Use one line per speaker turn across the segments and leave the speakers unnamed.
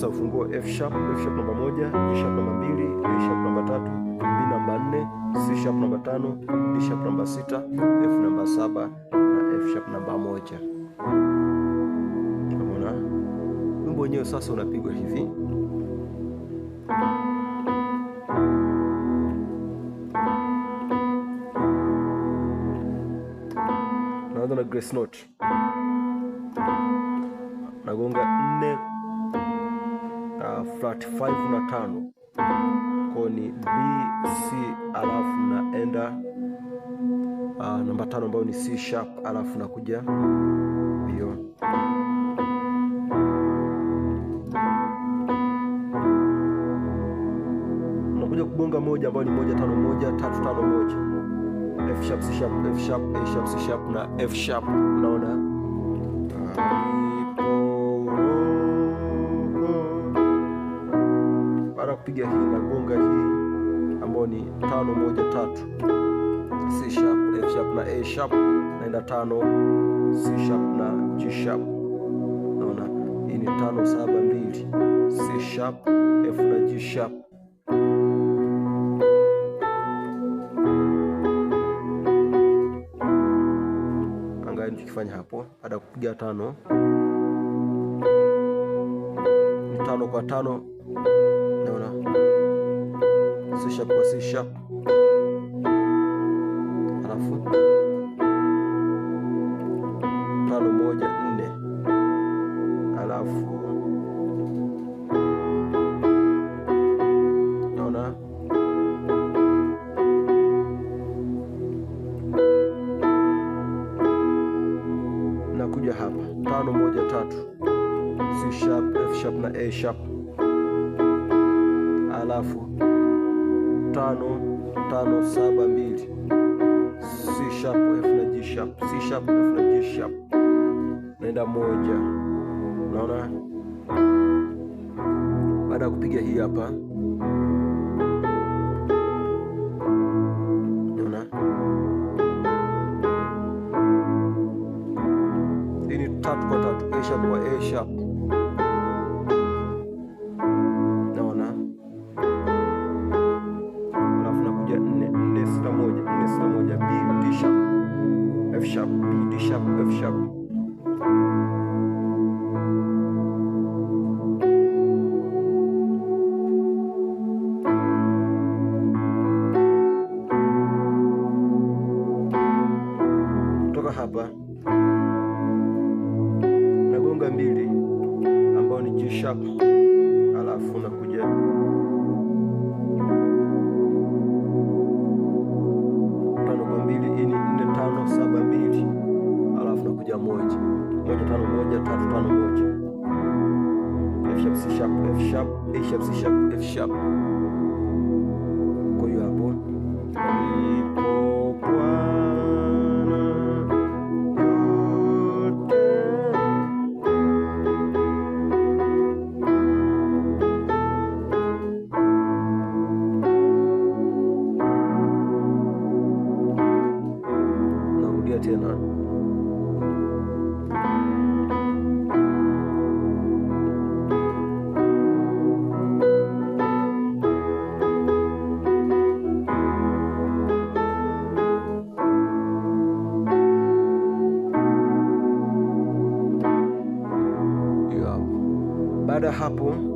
sasa ufunguo F sharp, F sharp namba moja, G sharp namba mbili, A sharp namba tatu, B namba nne, C sharp namba tano, D sharp namba sita, F namba saba na F sharp namba moja. Unaona? Wimbo wenyewe sasa unapigwa hivi. Naanza na grace note. Nagonga nne flat 5 na tano ko ni B, C alafu naenda uh, ah, namba tano ambayo ni C sharp alafu nakuja hiyo nakuja kugonga moja ambayo ni moja tano moja tatu tano moja F sharp C sharp F sharp A sharp C sharp na F sharp unaona
uh,
napiga hii na gonga hii ambayo ni tano moja tatu C sharp, F sharp na A sharp, naenda tano C sharp na G sharp. Naona hii ni tano saba mbili C sharp, F na G sharp. Angalia nikifanya hapo, baada ya kupiga tano ni tano kwa tano unaona C sharp kwa C sharp, alafu tano moja nne, alafu nakuja hapa tano moja tatu C sharp, F sharp na A sharp alafu tano tano saba mbili C sharp F na G sharp C sharp F na G sharp naenda moja, unaona. Baada ya kupiga hii hapa, unaona hii ni tatu kwa tatu, A sharp kwa A sharp saa moja B D sharp F sharp B D sharp F sharp kutoka hapa nagonga mbili ambao ni G sharp, alafu nakuja sharp, A sharp, C sharp, F sharp. Rabum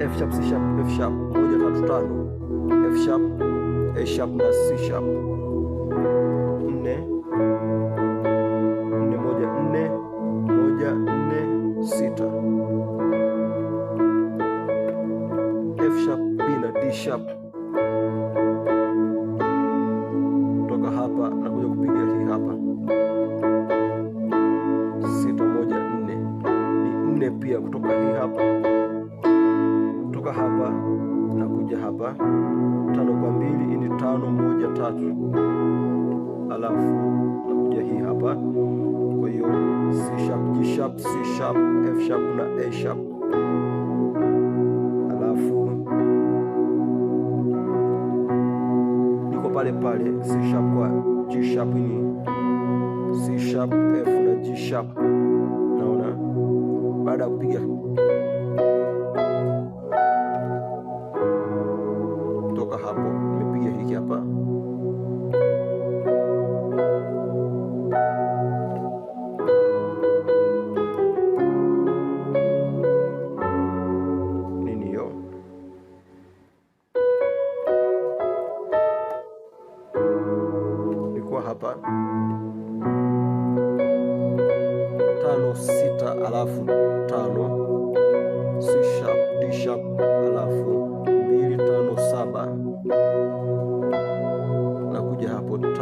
F sharp, C sharp, F sharp, moja tatu tano, F sharp, A sharp na C sharp, nne nne moja nne moja nne sita, F sharp, B na D sharp tano kwa mbili, ini tano moja tatu, alafu nakuja hii hapa. Kwa hiyo C sharp, G sharp, C sharp, F sharp na A sharp, alafu niko pale pale C sharp kwa G sharp, ini C sharp, F na G sharp. Naona baada ya kupiga siapa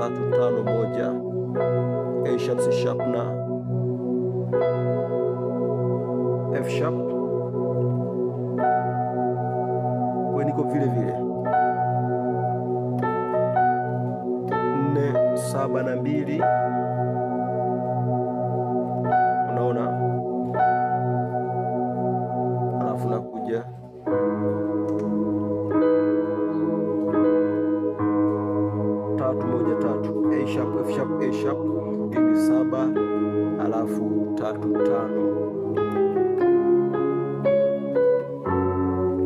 tatu tano moja A sharp C sharp na F sharp, kwa niko vile vile nne saba na mbili A sharp D saba alafu tatu tano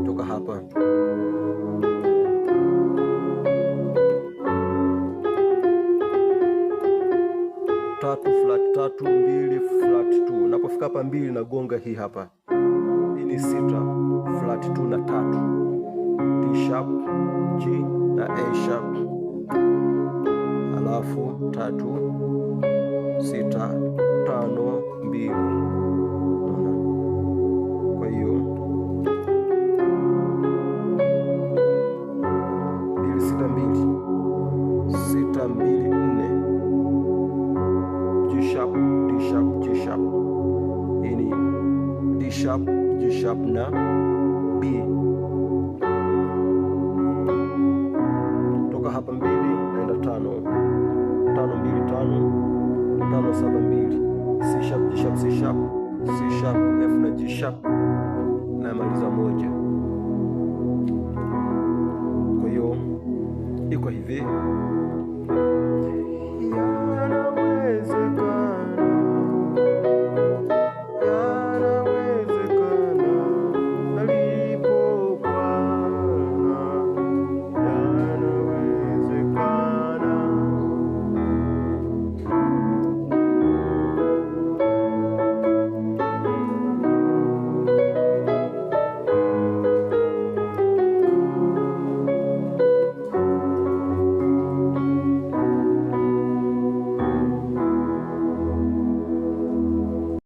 toka hapa tatu flat tatu mbili flat 2 napofika hapa mbili na gonga hii hapa hii ni sita flat 2 na tatu D sharp G na A sharp alafu tatu sita tano mbili kisha namaliza moja. Kwa hiyo iko hivi.